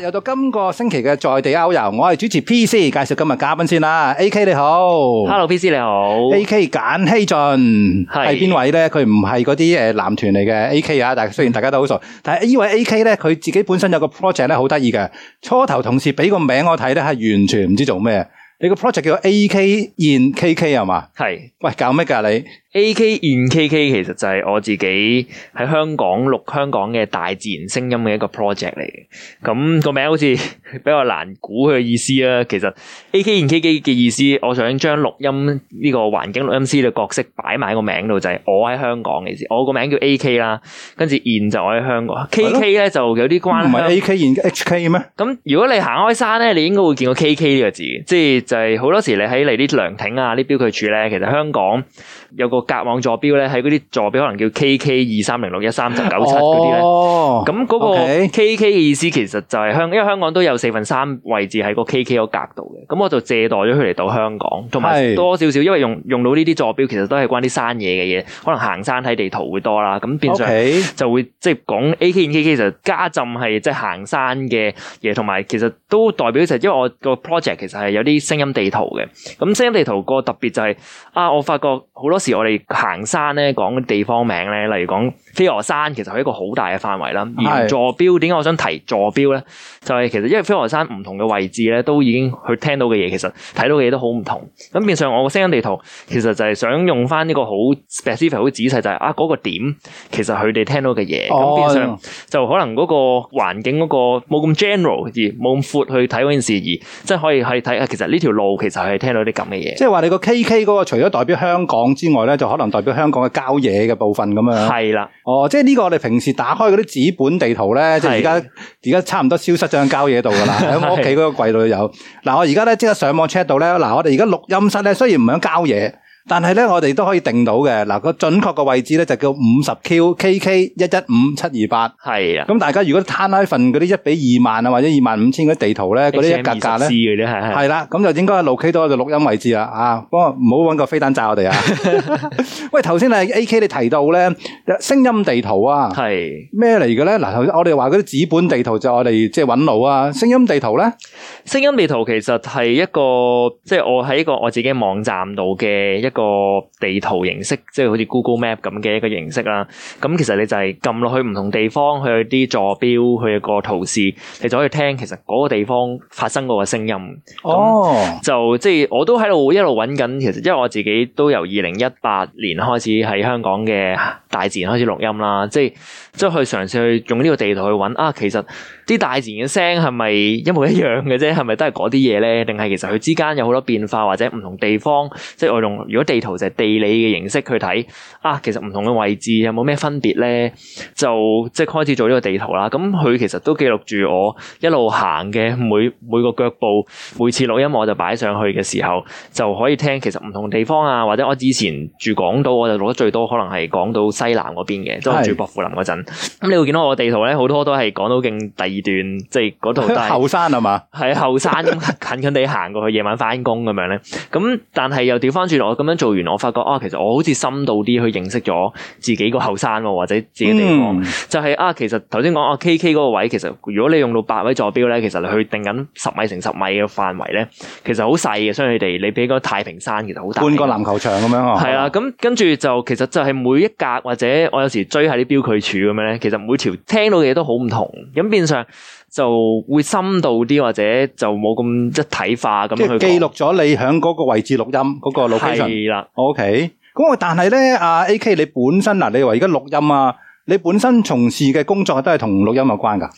又到今個星期嘅在地歐遊，我係主持 P C，介紹今日嘉賓先啦。A K 你好，Hello P C 你好。A K 簡希俊係邊位咧？佢唔係嗰啲誒男團嚟嘅 A K 啊，AK, 但雖然大家都好熟，但係呢位 A K 咧，佢自己本身有個 project 咧，好得意嘅。初頭同事俾個名我睇咧，係完全唔知做咩。你個 project 叫 A K in K K 係嘛？係是，喂，搞咩噶你？AK in KK 其實就係我自己喺香港錄香港嘅大自然聲音嘅一個 project 嚟嘅，咁個名好似比較難估佢嘅意思啊。其實 AK in KK 嘅意思，我想將錄音呢個環境錄音師嘅角色擺埋喺個名度，就係我喺香港嘅意思。我個名叫 AK 啦，跟住 in 就我喺香港，KK 咧就有啲關係唔係 AK in HK 嘅咩？咁如果你行開山咧，你應該會見到 KK 呢個字，即係就係、是、好多時你喺嚟啲涼亭啊、啲標記處咧，其實香港。有個格網座標咧，喺嗰啲座標可能叫 K K 二三零六一三九九七嗰啲咧，咁嗰、哦、個 K K 嘅意思其實就係香，因為香港都有四分三位置喺個 K K 嗰格度嘅，咁我就借代咗佢嚟到香港，同埋多少少，是因為用用到呢啲座標，其實都係關啲山嘢嘅嘢，可能行山睇地圖會多啦，咁變相就會即係講 A K in K K 其實加浸係即係行山嘅嘢，同埋其實都代表就係因為我個 project 其實係有啲聲音地圖嘅，咁聲音地圖個特別就係、是、啊，我發覺好多。時我哋行山咧，講嘅地方名咧，例如講飛鵝山，其實係一個好大嘅範圍啦。而坐標點解我想提坐標咧，就係、是、其實因為飛鵝山唔同嘅位置咧，都已經去聽到嘅嘢，其實睇到嘅嘢都好唔同。咁變相我個聲音地圖其實就係想用翻呢個好 specific 好仔細、啊，就係啊個點，其實佢哋聽到嘅嘢。咁、哦、變相就可能個環境個冇咁 general 而冇咁闊去睇嗰件事，而即係可以去睇。其實呢條路其實係聽到啲咁嘅嘢。即係話你個 KK 嗰個，除咗代表香港之外，另外咧就可能代表香港嘅郊野嘅部分咁樣，係啦，哦，即係呢個我哋平時打開嗰啲紙本地圖咧，是的 即係而家而家差唔多消失咗喺郊野度噶啦，喺我屋企嗰個櫃度有。嗱， 是的 我而家咧即刻上網 check 到咧，嗱，我哋而家錄音室咧雖然唔響郊野。但係咧，我哋都可以定到嘅。嗱，個準確嘅位置咧就叫五十 Q K K 一一五七二八。係啊，咁大家如果攤開份嗰啲一比二萬啊，20, 或者二萬五千嗰啲地圖咧，嗰啲 H M 一格格咧，係啦，咁是的 就應該係六 K 多嘅錄音位置啦。啊，唔好搵個飛彈炸我哋啊！ 喂，頭先啊 A K 你提到咧，聲音地圖啊，係咩嚟嘅咧？嗱，我哋話嗰啲紙本地圖就我哋即係搵路啊，聲音地圖咧？聲音地圖其實係一個即係、就是、我喺一個我自己網站度嘅一。個地圖形式，即係好似 Google Map 咁嘅一個形式啦。咁其實你就係撳落去唔同地方，去啲座標、去個圖示，你就可以聽其實嗰個地方發生過嘅聲音。哦、oh. 嗯，就即係我都喺度一路揾緊，其實因為我自己都由二零一八年開始喺香港嘅。大自然開始錄音啦，即係即係去嘗試去用呢個地圖去揾啊，其實啲大自然嘅聲係咪一模一樣嘅啫？係咪都係嗰啲嘢咧？定係其實佢之間有好多變化，或者唔同地方，即係我用如果地圖就係地理嘅形式去睇啊，其實唔同嘅位置有冇咩分別咧？就即係開始做呢個地圖啦。咁佢其實都記錄住我一路行嘅每每個腳步，每次錄音我就擺上去嘅時候就可以聽。其實唔同地方啊，或者我之前住港島，我就錄得最多，可能係港島。西南嗰邊嘅，都、就、係、是、住薄扶林嗰陣，咁是、嗯、你會見到我地圖咧，好多都係港島徑第二段，即係嗰度都 後山係嘛，係後山咁，近近地行過去，夜晚翻工咁樣咧，咁但係又調翻轉落，咁樣做完，我發覺啊，其實我好似深度啲去認識咗自己個後山或者自己地方，嗯、就係啊，其實頭先講啊，K K 嗰個位，其實如果你用到八位坐標咧，其實你去定緊十米乘十米嘅範圍咧，其實好細嘅，所以你哋你比個太平山其實好大，半個籃球場咁樣哦，係的啊，咁 跟住就其實就係每一格。或者我有時追下啲標距柱咁樣咧，其實每條聽到嘅嘢都好唔同，咁變相就會深度啲，或者就冇咁一體化咁樣去記錄咗你響嗰個位置錄音嗰個 location 啦。OK，咁我但係咧，阿 AK 你本身嗱，你話而家錄音啊，你本身從事嘅工作都係同錄音有關噶。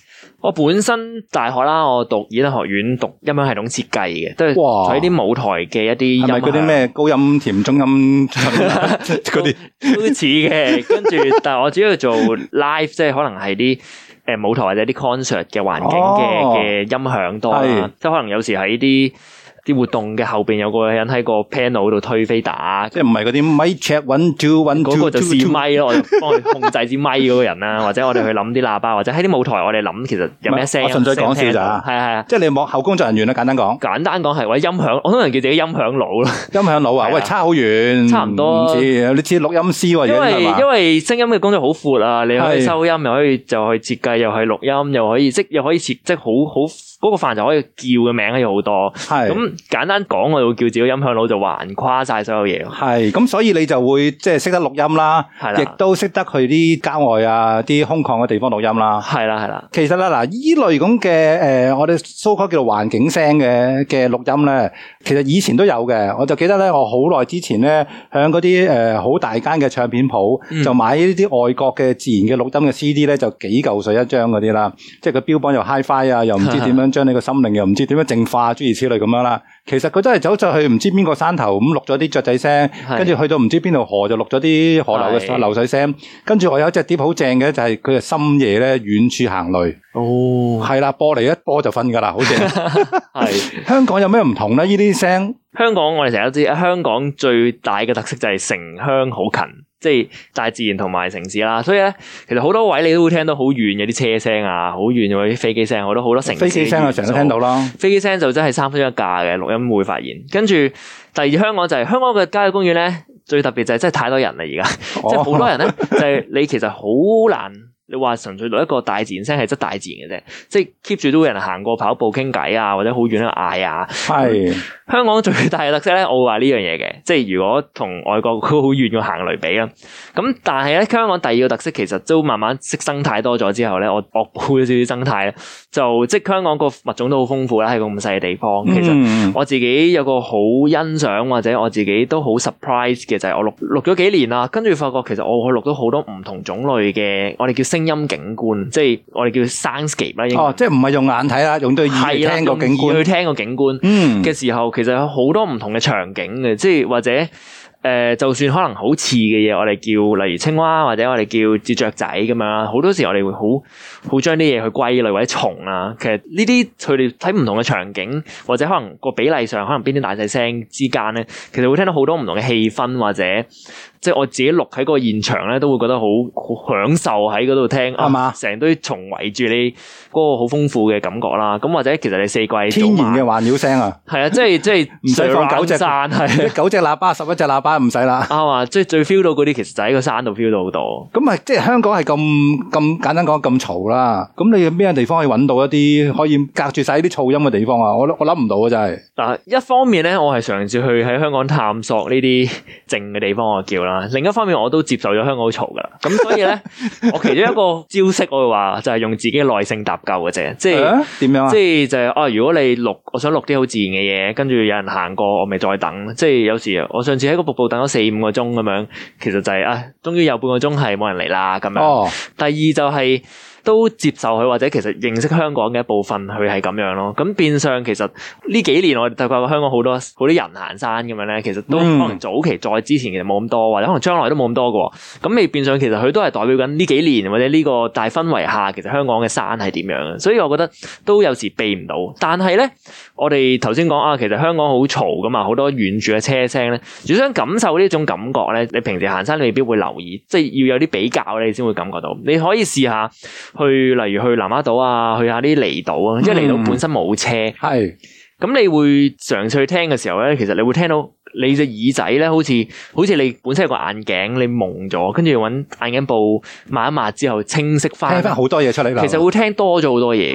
我本身大學啦，我讀演藝學院讀音響系統設計嘅，都係喺啲舞台嘅一啲。係嗰啲咩高音、甜中音嗰啲？ 都似嘅。 跟住，但係我主要做 live，即係可能係啲誒舞台或者啲 concert 嘅環境嘅嘅、哦、音響多。是即係可能有時喺啲。啲活動嘅後邊有個人喺個 panel 度推飛打，即係唔係嗰啲 mic check one two one two，嗰個就試 mic 咯，我幫佢控制支 mic 嗰個人啦，或者我哋去諗啲喇叭，或者喺啲舞台我哋諗其實有咩聲，我純粹講笑咋吓，係係啊，即係你幕後工作人員啦，簡單講，簡單講係或者音響，我通常叫自己音響佬啦，音響佬啊，喂，差好遠，差唔多，你似錄音師喎，因為因為聲音嘅工作好闊啊，你可以收音，又可以就去設計，又去錄音，又可以即係又可以設即係好好嗰個範就可以叫嘅名咧，有好多，係咁。簡單講，我會叫自己音響佬就橫跨晒所有嘢咯。係，咁所以你就會即係識得錄音啦，係啦，亦都識得去啲郊外啊、啲空曠嘅地方錄音啦。係啦，係啦。其實啦，嗱，依類咁嘅誒，我哋 so call 叫做環境聲嘅嘅錄音咧。其實以前都有嘅，我就記得咧，我好耐之前咧，喺嗰啲誒好大間嘅唱片鋪，嗯、就買呢啲外國嘅自然嘅錄音嘅 CD 咧，就幾嚿水一張嗰啲啦，即係個標榜又 Hi-Fi 啊，five，又唔知點樣將你個心靈的又唔知點樣淨化諸如此類咁樣啦。其實佢真係走咗去唔知邊個山頭咁錄咗啲雀仔聲，跟住是去到唔知邊度河就錄咗啲河流嘅流水聲，跟住我有隻碟好正嘅就係佢係深夜咧遠處行雷，哦係啦，播嚟一播就瞓噶啦，好正！係 是 香港有咩唔同咧？呢啲聲，香港我哋成日都知，香港最大嘅特色就係城鄉好近。即係大自然同埋城市啦，所以咧，其實好多位你都會聽到好遠嘅啲車聲啊，好遠嘅啲飛機聲，好多好多城市車聲啊，飛機聲，成日都聽到咯。飛機聲就真係三分一價嘅錄音會發現。跟住第二香港就係、是、香港嘅郊野公園咧，最特別就係真係太多人啦，而家，哦、即係好多人咧， 就係你其實好難，你話純粹錄一個大自然聲係真係大自然嘅啫，即係 keep 住都有人行過、跑步、傾偈啊，或者好遠喺度嗌啊，係。 香港最大嘅特色咧，我會話呢樣嘢嘅，即係如果同外國好遠嘅行雷比啦，咁但係咧香港第二個特色，其實都慢慢識生態多咗之後咧，我我補咗少少生態啦，就即係香港個物種都好豐富啦，係個咁細嘅地方。其實我自己有個好欣賞或者我自己都好 surprise 嘅，就係、是、我錄錄咗幾年啦，跟住發覺其實我去錄咗好多唔同種類嘅，我哋叫聲音景觀，即係我哋叫 soundscape 啦。哦，即係唔係用眼睇啦，用對耳聽個景觀，去聽個景觀，嘅時候。嗯其實有好多唔同嘅場景嘅，即係或者誒、呃，就算可能好似嘅嘢，我哋叫例如青蛙，或者我哋叫隻雀仔咁樣，好多時我哋會好好將啲嘢去歸類或者蟲啊，其實呢啲佢哋睇唔同嘅場景或者可能個比例上，可能邊啲大細聲之間咧，其實會聽到好多唔同嘅氣氛，或者即係我自己錄喺個現場咧，都會覺得好享受喺嗰度聽，係嘛吧？成、啊、堆蟲圍住你嗰、那個好豐富嘅感覺啦。咁或者其實你四季天然嘅環繞聲啊，係 啊，即係即係唔使放九隻，係九隻喇叭十一隻喇叭唔使啦。 啊嘛，即係最 feel 到嗰啲其實就喺個山度 feel 到好多。 咁咪即係香港係咁咁簡單講咁嘈啦。啊！咁你有咩地方可以搵到一啲可以隔住晒呢啲噪音嘅地方啊？我我諗唔到啊！真係。嗱，一方面咧，我係嘗試去喺香港探索呢啲靜嘅地方，我叫啦。另一方面，我都接受咗香港嘈噶啦。咁所以咧， 我其中一個招式，我會話就係用自己嘅耐性搭救嘅啫。即係點、啊、樣啊？即係就係、是、啊！如果你錄，我想錄啲好自然嘅嘢，跟住有人行過，我咪再等。即係有時我上次喺個瀑布等咗四五個鐘咁樣，其實就係、是、啊，終於有半個鐘係冇人嚟啦咁樣。哦。第二就係、是。都接受佢或者其實認識香港嘅一部分佢係咁樣咯。咁變相其實呢幾年我哋睇翻香港好多好啲人行山咁樣咧，其實都可能早期再之前其實冇咁多，或者可能將來都冇咁多嘅。咁你變相其實佢都係代表緊呢幾年或者呢個大氛圍下，其實香港嘅山係點樣嘅。所以我覺得都有時避唔到。但係咧，我哋頭先講啊，其實香港好嘈㗎嘛，好多遠處嘅車聲咧。如果想感受呢種感覺咧，你平時行山你未必會留意，即係要有啲比較咧，你先會感覺到。你可以試下。去例如去南丫島啊，去下啲離島啊，即係離島本身冇車，係、嗯，咁你會嘗試去聽嘅時候咧，其實你會聽到。你隻耳仔咧，好似好似你本身有個眼鏡，你矇咗，跟住揾眼鏡布抹一抹之後，清晰翻，翻好多嘢出嚟其實會聽多咗好多嘢，係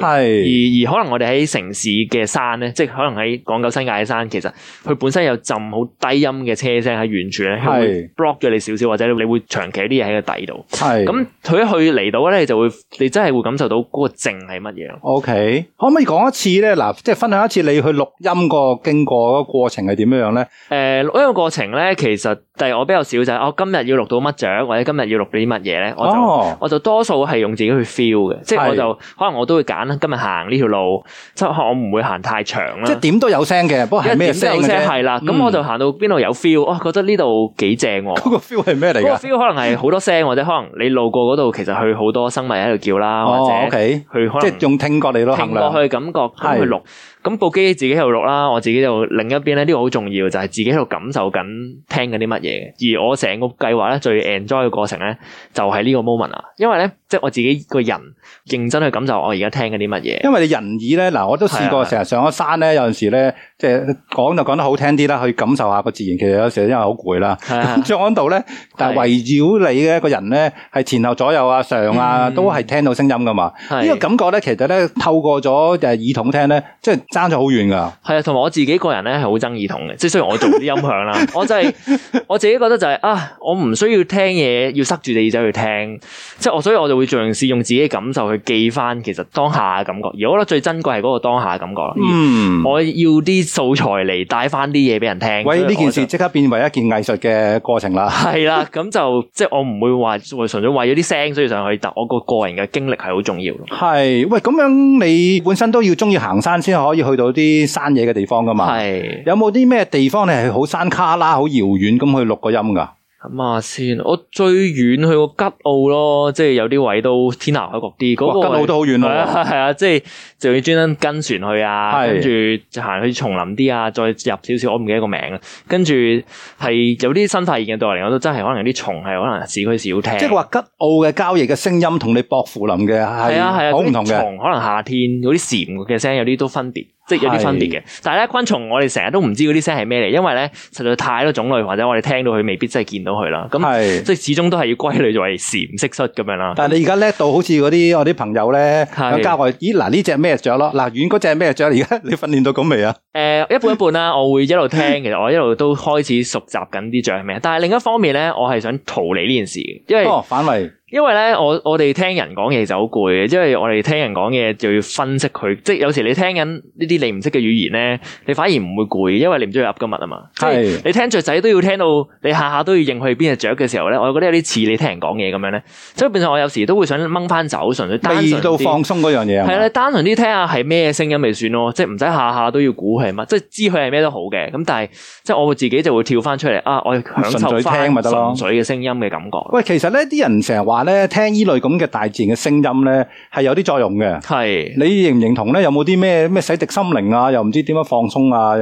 的而而可能我哋喺城市嘅山咧，即係可能喺廣究新界嘅山，其實佢本身有浸好低音嘅車聲，喺完全咧會 block 咗你少少，或者你會長期啲嘢喺個底度。係咁的，佢、嗯、去嚟到咧，你就會你真係會感受到嗰個靜係乜嘢。OK，可唔可以講一次咧？嗱，即係分享一次你去錄音個經過個過,過程係點樣樣咧？誒、呃。誒，錄一個過程咧，其實但係我比較少就係我今日要錄到乜獎，或者今日要錄到啲乜嘢咧，我就我就多數係用自己去 feel 嘅，即係我就可能我都會揀啦，今日行呢條路，即係我唔會行太長啦。即係點都有聲嘅，不過係咩聲嘅啫？係啦，咁我就行到邊度有 feel，哇，覺得呢度幾正。嗰個 feel 係咩嚟噶？嗰個 feel 可能係好多聲或者可能你路過嗰度，其實佢好多生物喺度叫啦，或者佢可能即係用聽覺嚟到衡量。聽過去感覺咁去錄。咁部機自己喺度錄啦，我自己又另一邊咧，呢個好重要，就係自己喺度感受緊聽緊啲乜嘢。而我成個計劃咧，最 enjoy 嘅過程咧，就係呢個 moment 啦，因為咧，即係我自己個人認真去感受我而家聽嘅啲乜嘢，因為你人耳咧，嗱我都試過成日上咗山咧，是啊、有陣時咧即係講就講得好聽啲啦，去感受下個自然。其實有時因為好攰啦，坐喺度咧，但係圍繞你嘅一個人咧，係前後左右啊、上啊，都係聽到聲音噶嘛。呢個、嗯、感覺咧，其實咧透過咗誒耳筒聽咧，即係爭咗好遠噶。係啊，同埋我自己個人咧係好憎耳筒嘅，即係雖然我做啲音響啦， 我就係、是、我自己覺得就係、是、啊，我唔需要聽嘢，要塞住對耳仔去聽，即係我所以我就。會嘗試用自己嘅感受去記翻其實當下嘅感覺，而我覺得最珍貴係嗰個當下嘅感覺。嗯，我要啲素材嚟帶翻啲嘢俾人聽。喂，呢件事即刻變為一件藝術嘅過程啦。係 啦，咁就即係我唔會話，我純粹為咗啲聲，所以上去，但我個個人嘅經歷係好重要咯。係，喂，咁樣你本身都要中意行山先可以去到啲山野嘅地方噶嘛？係是。有冇啲咩地方你係好山卡啦，好遙遠咁去錄個音噶？咁啊先，我最遠去過吉澳咯，即係有啲位都天涯海角啲。哇個吉澳都好遠咯、啊啊，係啊，啊，啊，即係就要專登跟船去啊，是啊跟住就行去叢林啲啊，再入少少，我唔記得個名啦。跟住係有啲新發現嘅對嚟，我都真係可能有啲蟲係，可能市區少聽。即係話吉澳嘅交易嘅聲音你同你薄扶林嘅係好唔同嘅。蟲可能夏天嗰啲蟬嘅聲音，有啲都分別。即係有啲分別嘅，但係咧昆蟲，我哋成日都唔知嗰啲聲係咩嚟，因為咧實在太多種類，或者我哋聽到佢未必真係見到佢啦。咁即係始終都係要歸類做為蟬唔蟋蟀咁樣啦。但係你而家叻到好似嗰啲我啲朋友咧，郊外咦嗱，呢隻咩雀咯？嗱遠嗰隻咩雀嚟嘅？你而家訓練到咁未啊？誒、呃、一半一半啦，我會一路聽，其實我一路都開始熟習緊啲雀係咩。但係另一方面咧，我係想逃離呢件事嘅，因為、哦、反圍。因為咧，我我哋聽人講嘢就好攰嘅，因為我哋聽人講嘢就要分析佢，即係有時你聽緊呢啲你唔識嘅語言咧，你反而唔會攰，因為你唔中意噏咁物啊嘛。的即你聽雀仔都要聽到你下下都要認佢係邊隻雀嘅時候咧，我覺得有啲似你聽人講嘢咁樣咧。所以變咗我有時都會想掹翻走，純粹單純啲。未到放鬆嗰樣嘢係啊，單純啲聽下係咩聲音咪算咯，即係唔使下下都要估佢係乜，即係知佢係咩都好嘅。咁但係即係我自己就會跳翻出嚟啊！我享受翻純粹嘅聲音嘅感覺。喂，其實呢啲人成日話。咧聽依類咁嘅大自然嘅聲音咧，係有啲作用嘅。係你認唔認同咧？有冇啲咩咩洗滌心靈啊？又唔知點樣放鬆啊？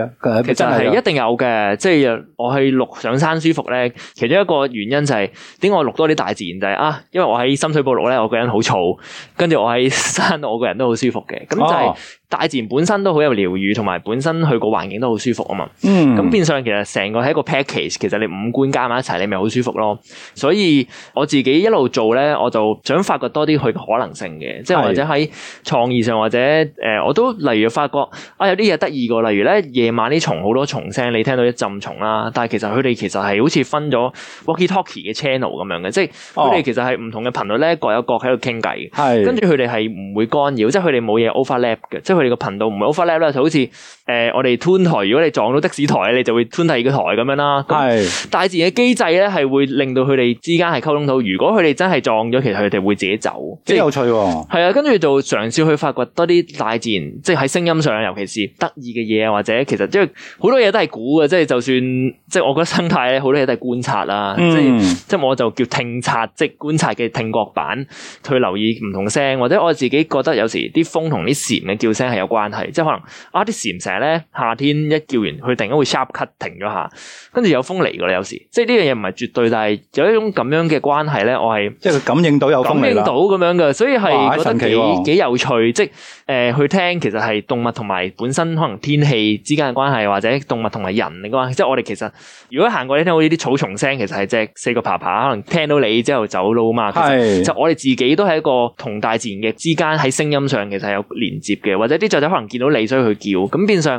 其實真係一定有嘅。即係我去錄上山舒服咧，其中一個原因就係點解我錄多啲大自然就係啊，因為我喺深水埗錄咧，我個人好燥，跟住我喺山，我個人都好舒服嘅。咁就係。大自然本身都好有療愈，同埋本身去個環境都好舒服啊嘛。嗯，咁變相其實成個係一個 package，其實你五官加埋一齊你咪好舒服咯。所以我自己一路做咧，我就想發掘多啲佢嘅可能性嘅，即係或者喺創意上或者誒、呃、我都例如發覺啊，有啲嘢得意㗎，例如咧夜晚啲蟲好多蟲聲你聽到一陣蟲啦，但係其實佢哋其實係好似分咗 walkie talkie 嘅 channel 咁樣嘅，即係佢哋其實係唔同嘅頻率咧，各有各喺度傾偈，哦、跟住佢哋係唔會干擾，即係佢哋冇嘢 overlap 嘅，即佢哋個頻道唔係好 overlap 就好似誒、呃、我哋 tune 台，如果你撞到的士台，你就會 tune 第二個台咁樣啦。係大自然嘅機制咧，係會令到佢哋之間係溝通到。如果佢哋真係撞咗，其實佢哋會自己走，即係有趣喎、哦。啊，跟住就嘗試去發掘多啲大自然，即係喺聲音上，尤其是得意嘅嘢啊，或者其實即係好多嘢都係估嘅，即係就算即係我覺得生態咧，好多嘢都係觀察啦。嗯、即係即係我就叫聽察即觀察嘅聽覺版去留意唔同聲，或者我自己覺得有時啲風同啲蟬嘅叫聲。係有關係，即係可能啊啲蟬蛇咧，夏天一叫完，佢突然間會 sharp cut 停咗下，跟住有風嚟噶啦，有時即係呢樣嘢唔係絕對，但係有一種咁樣嘅關係咧，我係即係佢感應到有風嚟啦，感應到咁樣嘅，所以係覺得、啊、幾幾有趣，即係誒、呃、去聽，其實係動物同埋本身可能天氣之間嘅關係，或者動物同埋人嘅關係，即係我哋其實如果行過咧，聽到啲草叢聲，其實係隻四腳爬爬可能聽到你之後走佬嘛，其實就我哋自己都係一個同大自然嘅之間喺聲音上其實係有連接嘅，或者。啲雀仔可能見到你，所以佢叫。咁變相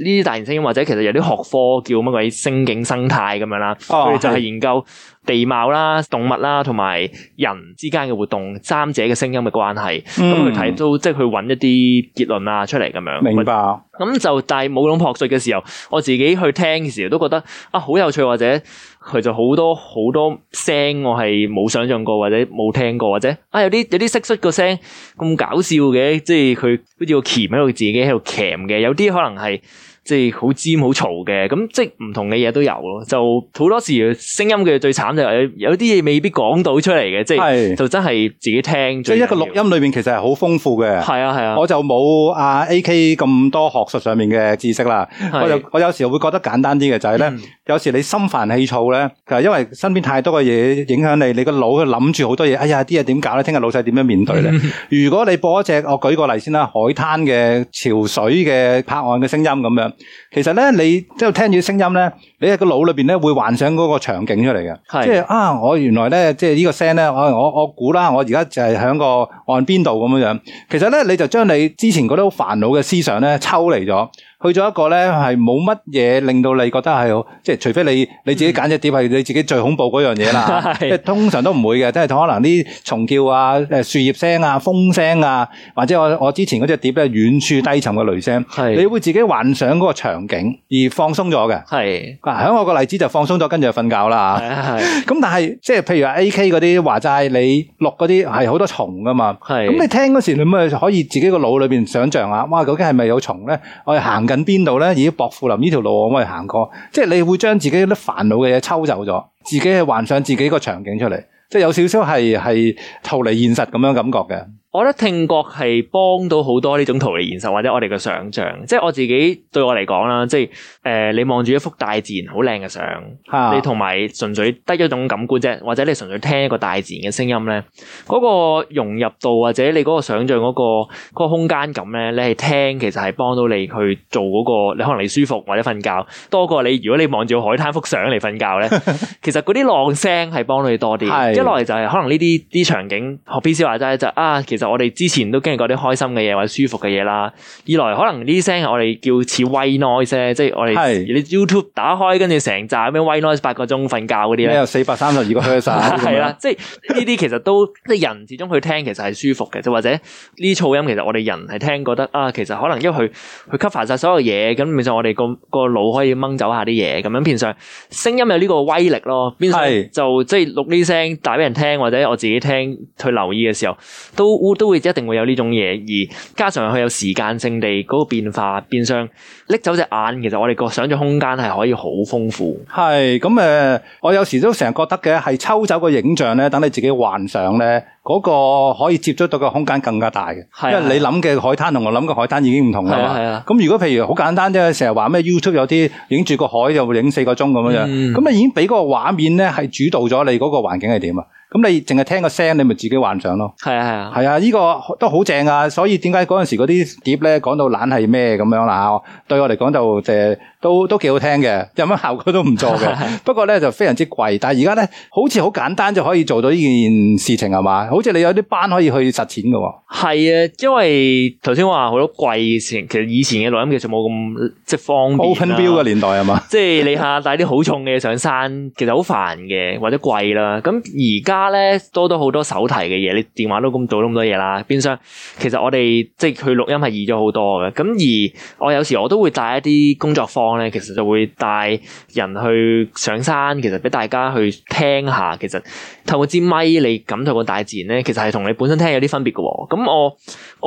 呢啲大型聲音，或者其實有啲學科叫乜鬼聲景生態咁樣啦，佢就係研究地貌啦、動物啦同埋人之間嘅活動三者嘅聲音嘅關係，咁、嗯、去睇都即係去揾一啲結論啊出嚟咁樣。明白。咁就但係冇咁學術嘅時候，我自己去聽嘅時候都覺得啊好有趣，或者。佢就好多好多聲我，我係冇想像過或者冇聽過，或者啊有啲有啲蟋蟀個聲咁搞笑嘅，即係佢好似個鉗喺度自己喺度鉗嘅，有啲可能係。即係好尖好嘈嘅，咁即係唔同嘅嘢都有咯，就好多時聲音嘅最慘就係有啲嘢未必講到出嚟嘅，是即係就真係自己聽。即係一個錄音裏面其實係好豐富嘅。係啊係啊，啊我就冇阿 AK 咁多學術上面嘅知識啦。啊、我就我有時候會覺得簡單啲嘅就係咧，啊、有時你心煩氣躁咧，就係因為身邊太多嘅嘢影響你，你個腦去諗住好多嘢。哎呀，啲嘢點搞咧？聽日老細點樣面對咧？啊、 如果你播一隻，我舉個例先啦，海灘嘅潮水嘅拍岸嘅聲音咁樣。其實咧，你即係聽住聲音咧，你喺個腦裏邊咧會幻想嗰個場景出嚟嘅，是的 即係啊，我原來咧即係呢個聲咧，我我我估啦，我而家就係響個岸邊度咁樣樣。其實咧，你就將你之前嗰啲好煩惱嘅思想咧抽離咗。去咗一個咧，係冇乜嘢令到你覺得係即係，除非你你自己揀隻碟係你自己最恐怖嗰樣嘢啦。即係通常都唔會嘅，即係可能啲蟲叫啊、誒樹葉聲啊、風聲啊，或者我我之前嗰隻碟咧遠處低沉嘅雷聲，係是的 你會自己幻想嗰個場景而放鬆咗嘅。係喺是的、啊、我個例子就放鬆咗，跟住就瞓覺啦。係啊，咁但係即係譬如話 AK 嗰啲話齋，你錄嗰啲係好多蟲噶嘛。係，咁你聽嗰時你咪可以自己個腦裏邊想象下，哇究竟係咪有蟲咧？我哋行。緊邊度咧？而薄扶林呢條路我咪行過？即係你會將自己啲煩惱嘅嘢抽走咗，自己係幻想自己個場景出嚟，即係有少少係係逃離現實咁樣感覺嘅。 我覺得聽覺係幫到好多呢種逃離現實或者我哋嘅想象，即係我自己對我嚟講啦，即係誒、呃、你望住一幅大自然好靚嘅相，的你同埋純粹得一種感官啫，或者你純粹聽一個大自然嘅聲音咧，嗰、那個融入度或者你嗰個想象嗰、那個、那個空間感咧，你係聽其實係幫到你去做嗰、那個，你可能你舒服或者瞓覺，多過你如果你望住海灘幅相嚟瞓覺咧，其實嗰啲浪聲係幫到你多啲，一落嚟就係可能呢啲啲場景，學 PC 話齋就啊，就我哋之前都經歷過啲開心嘅嘢或者舒服嘅嘢啦。二來可能呢聲我哋叫似 white noise，是即係我哋啲 YouTube 打開跟住成集咩 white noise 八個鐘瞓覺嗰啲咧，你有四百三十二個 hertz 啦， 啊、 即係呢啲其實都即係人始終去聽其實係舒服嘅，就或者呢噪音其實我哋人係聽覺得啊，其實可能因為佢佢 cover 曬所有嘢，咁變相我哋、那個、那個腦可以掹走下啲嘢咁樣。變相聲音有呢個威力咯。變相就即係錄呢聲帶俾人聽或者我自己聽去留意嘅時候都。都會一定會有呢種嘢，而加上佢有時間性地嗰個變化，變相。拎走隻眼，其實我哋個想象空間係可以好豐富。係咁誒，我有時都成日覺得嘅係抽走個影像咧，等你自己幻想咧，嗰、嗰個可以接觸到嘅空間更加大嘅。係啊，因為你諗嘅海灘同我諗嘅海灘已經唔同啦嘛。係啊，咁如果譬如好簡單啫，成日話咩 YouTube 有啲影住個海又影四個鐘咁樣，咁咧、嗯、已經俾嗰個畫面咧係主導咗你嗰個環境係點啊？咁你淨係聽個聲，你咪自己幻想咯。係啊，係啊，係啊，呢個都好正啊！所以點解嗰陣時嗰啲碟咧講到懶係咩咁樣啦？對我嚟講就係、是。都都幾好聽嘅，有乜效果都唔錯嘅。是是是，不過咧，就非常之貴。但係而家咧，好似好簡單就可以做到呢件事情係嘛？好似你有啲班可以去實踐嘅。哦。係啊，因為頭先我話好多貴事，其實以前嘅錄音技術冇咁即係方便 Open bill 嘅年代係嘛？即係你吓帶啲好重嘅嘢上山， 其實好煩嘅，或者貴啦。咁而家咧，多多好多手提嘅嘢，你電話都咁做咗咁多嘢啦，變相，其實我哋即係佢錄音係易咗好多嘅。咁而我有時我都會帶一啲工作方。其實就會帶人去上山，其實俾大家去聽下。其實透過支咪，你感受個大自然咧，其實係同你本身聽有啲分別嘅喎。咁我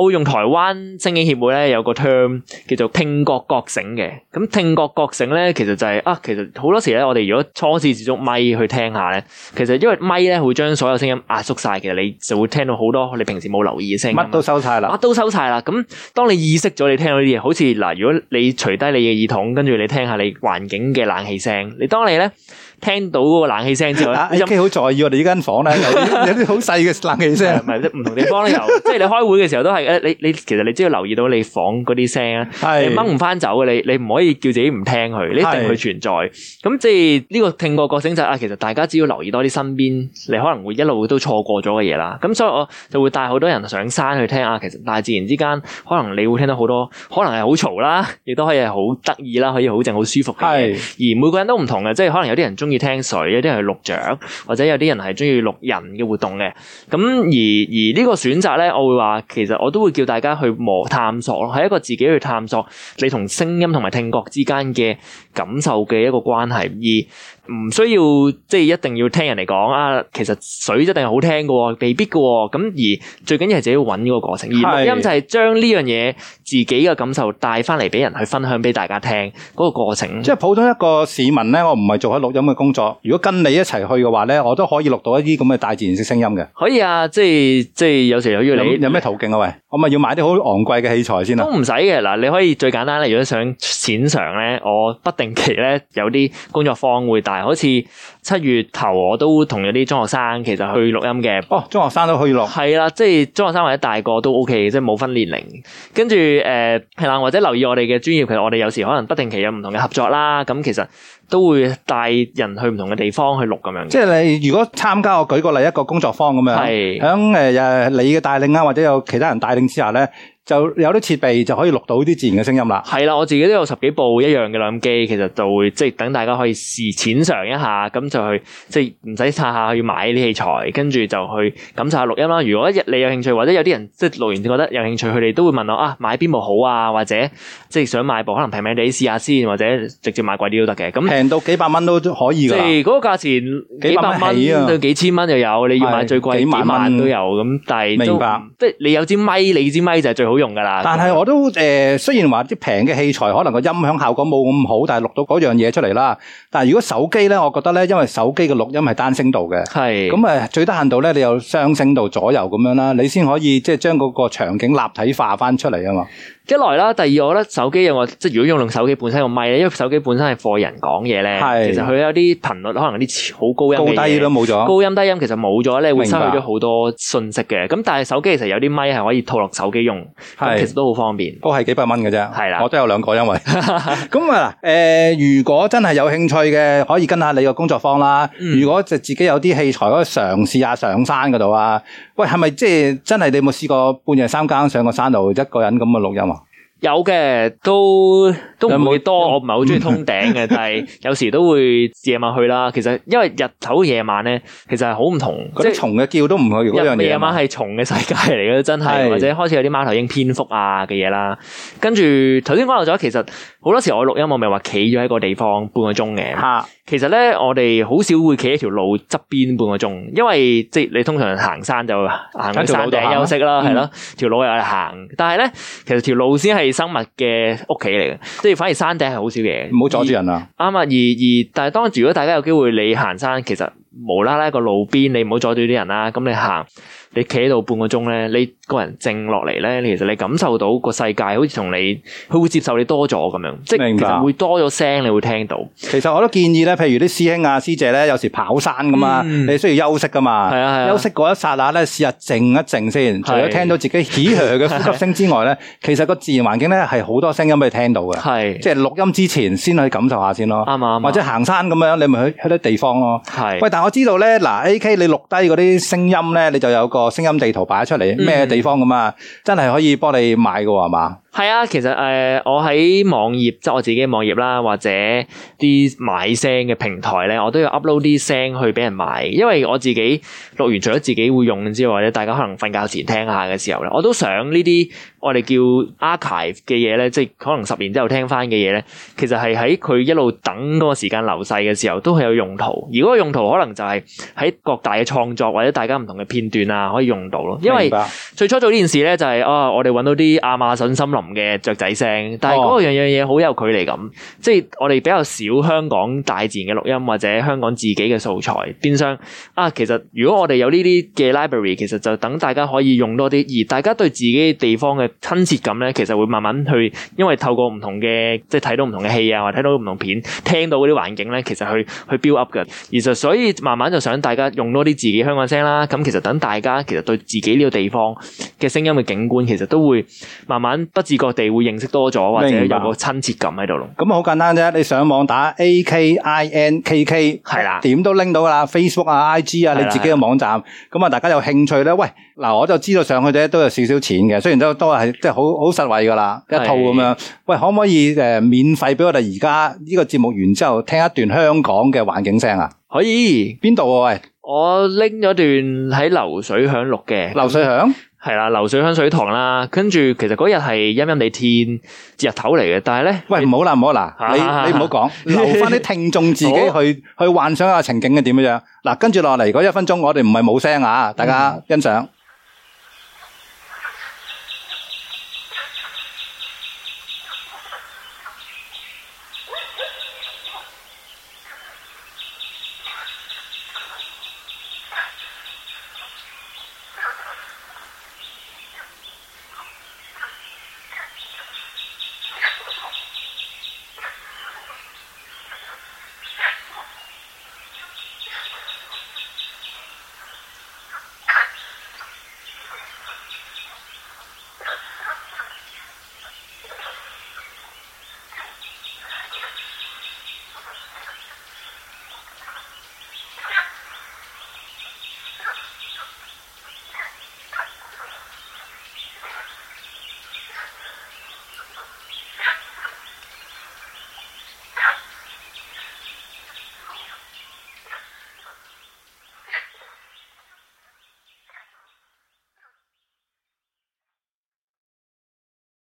會用台灣聲音協會咧有個 term 叫做聽覺覺醒嘅。咁聽覺覺醒咧，其實就係、是、啊，其實好多時咧，我哋如果初次接觸咪去聽下咧，其實因為咪咧會將所有聲音壓縮晒，其實你就會聽到好多你平時冇留意嘅聲，乜都收晒啦，乜都收晒啦。咁當你意識咗你聽到啲嘢，好似嗱、呃，如果你除低你嘅耳筒跟住。你聽下你環境嘅冷氣聲，你當你咧。聽到嗰個冷氣聲之後咧，AK 好在意我哋呢間房咧， 有啲好細嘅冷氣聲，唔係唔同地方都有。 即係你開會嘅時候都係咧，你你其實你只要留意到你房嗰啲聲啊是，你掹唔翻走嘅，你你唔可以叫自己唔聽佢，你一定佢存在。咁是即係呢個聽覺覺醒就係、啊，其實大家只要留意多啲身邊，你可能會一路都錯過咗嘅嘢啦。咁所以我就會帶好多人上山去聽啊，其實大自然之間可能你會聽到好多，可能係好嘈啦，亦都可以係好得意啦，可以好正好舒服嘅。是而每個人都唔同嘅，即係可能有啲人中。。要聽水？有啲人去錄像，或者有啲人係中意錄人嘅活動嘅。咁而而呢個選擇咧，我會話其實我都會叫大家去磨探索咯，係一個自己去探索你同聲音同埋聽覺之間嘅感受嘅一個關係而。唔需要即係一定要聽人哋講啊，其實水一定係好聽嘅喎？哦，未必嘅喎。哦。咁而最緊要係自己揾嗰個過程。是而錄音就係將呢樣嘢自己嘅感受帶翻嚟俾人去分享俾大家聽嗰、那個過程。即係普通一個市民咧，我唔係做開錄音嘅工作，如果跟你一齊去嘅話咧，我都可以錄到一啲咁嘅大自然式聲音嘅？可以啊，即係即係有時有要你有咩途徑啊？喂，我咪要買啲好昂貴嘅器材先咯。都唔使嘅嗱，你可以最簡單嚟。如果想淺嘗咧，我不定期咧有啲工作坊會好似七月頭我都同有啲中學生其實去錄音嘅。哦，中學生都可以錄。係啦，即係中學生或者大個都 O、OK, K，即係冇分年齡。跟住誒係啦，或者留意我哋嘅專業，其實我哋有時可能不定期有唔同嘅合作啦。咁其實都會帶人去唔同嘅地方去錄咁樣。即係你如果參加，我舉個例一個工作坊咁樣，喺誒誒你嘅帶領啊，或者有其他人帶領之下咧。有有啲設備就可以錄到啲自然嘅聲音啦。係啦，我自己都有十幾部一樣嘅錄音機，其實就會即係等大家可以試淺嘗一下，咁就去即係唔使拆下去買啲器材，跟住就去感受下錄音啦。如果你有興趣，或者有啲人即係錄完覺得有興趣，佢哋都會問我啊，買邊部好啊，或者即係想買部可能平平地你試下先，或者直接買貴啲都得嘅。咁平到幾百蚊都可以。即係嗰個價錢幾百蚊到幾千蚊就有，你要買最貴幾萬，幾萬都有。咁但係都明白。即係你有支咪，你支咪就係最好。用噶啦，但係我都誒、呃，雖然話啲平嘅器材可能個音響效果冇咁好，但係錄到嗰樣嘢出嚟啦。但係如果手機咧，我覺得咧，因為手機嘅錄音係單聲度嘅，係咁誒，最低限度咧，你有雙聲道左右咁樣啦，你先可以即係將嗰個場景立體化翻出嚟啊嘛。一來啦，第二我得手機用，即係如果用落手機本身個咪，咧，因為手機本身係貨人講嘢咧，其實佢有啲頻率可能啲好高音，高低都冇咗，高音低音其實冇咗咧，會收去咗好多信息嘅。咁但係手機其實有啲咪係可以套落手機用，其實都好方便。都係幾百蚊嘅啫，係啦，我都有兩個，因為咁啊，誒，如果真係有興趣嘅，可以跟下你個工作坊啦。如果就自己有啲器材，可以嘗試下上山嗰度啊。喂，係咪即係真係你有冇試過半夜三更上個山度，一個人咁啊錄音？有嘅，都都唔會多。有有，我唔係好鍾意通頂嘅， 但係有時都會夜晚去啦。其實因為日頭夜晚咧，其實係好唔同。即係蟲嘅叫都唔可以一樣嘢。即日夜晚係蟲嘅世界嚟嘅，真係是或者開始有啲貓頭鷹、蝙蝠啊嘅嘢啦。跟住頭先講咗，其實好多時我錄音，我咪話企咗喺個地方半個鐘嘅。其實咧，我哋好少會企喺條路側邊半個鐘，因為即係你通常行山就行喺山頂休息啦，係咯、嗯，條路又係行。但係咧，其實條路先係生物嘅屋企嚟嘅，即係反而山頂係好少嘢。唔好阻住人啊！啱啊，而而但係當然如果大家有機會你行山，其實無啦啦一個路邊，你唔好阻住啲人啦，咁你行。你企喺度半個鐘咧，你個人靜落嚟咧，你其實你感受到個世界好似同你，佢會接受你多咗咁樣，即係其實會多咗聲你會聽到。其實我都建議咧，譬如啲師兄啊師姐咧，有時跑山咁啊，你需要休息㗎嘛。係啊，休息嗰一剎那咧，試下靜一靜先。除咗聽到自己唏噓嘅呼吸聲之外咧，其實個自然環境咧，係好多聲音俾你聽到嘅。係，即係錄音之前先去感受下先咯。啱啊啱啊。或者行山咁樣，你咪去去啲地方咯。係。喂，但係我知道咧，嗱，AK 你錄低嗰啲聲音咧，你就有個。聲音地圖擺出嚟，咩地方咁啊？真係可以幫你買嘅，係嘛？係啊，其實誒、呃，我喺網頁，即係我自己嘅網頁啦，或者啲買聲嘅平台咧，我都要 upload 啲聲去俾人買。因為我自己錄完，除咗自己會用之外咧，大家可能瞓覺前聽下嘅時候咧，我都想呢啲我哋叫 archive 嘅嘢咧，即係可能十年之後聽翻嘅嘢咧，其實係喺佢一路等嗰個時間流逝嘅時候，都係有用途。而嗰個用途可能就係喺各大嘅創作或者大家唔同嘅片段啊，可以用到咯。因為最初做呢件事咧、就是，就係啊，我哋搵到啲亞馬遜森林。嘅雀仔聲，哦、但係嗰個樣樣嘢好有距離感。即係我哋比較少香港大自然嘅錄音或者香港自己嘅素材。變相啊，其實如果我哋有呢啲嘅 library，其實就等大家可以用多啲，而大家對自己地方嘅親切感咧，其實會慢慢去，因為透過唔同嘅即係睇到唔同嘅戲啊，或者睇到唔同片，聽到嗰啲環境咧，其實去去 build up 嘅。而就所以慢慢就想大家用多啲自己香港聲啦。咁其實等大家其實對自己呢個地方嘅聲音嘅景觀，其實都會慢慢不自覺地會認識多咗，或者有個親切感喺度咯。咁啊，好簡單啫！你上網打 AK IN KK 係啦，點都拎到噶啦。Facebook 啊，I G 啊，你自己嘅網站。咁啊，大家有興趣咧，喂，嗱，我就知道上去啫，都有少少錢嘅。雖然都都係即係好好實惠噶啦，一套咁樣。喂，可唔可以誒，免費俾我哋而家呢個節目完之後，聽一段香港嘅環境聲啊？可以，邊度啊？喂，我拎咗段喺流水響錄嘅流水響。係啦，流水響水塘啦，跟住其實嗰日係陰陰地天，日頭嚟嘅，但係咧，喂，唔好啦，唔好啦，你你唔好講，留翻啲聽眾自己去 去幻想下情景係點樣。嗱，跟住落嚟嗰一分鐘，我哋唔係冇聲啊，大家欣賞。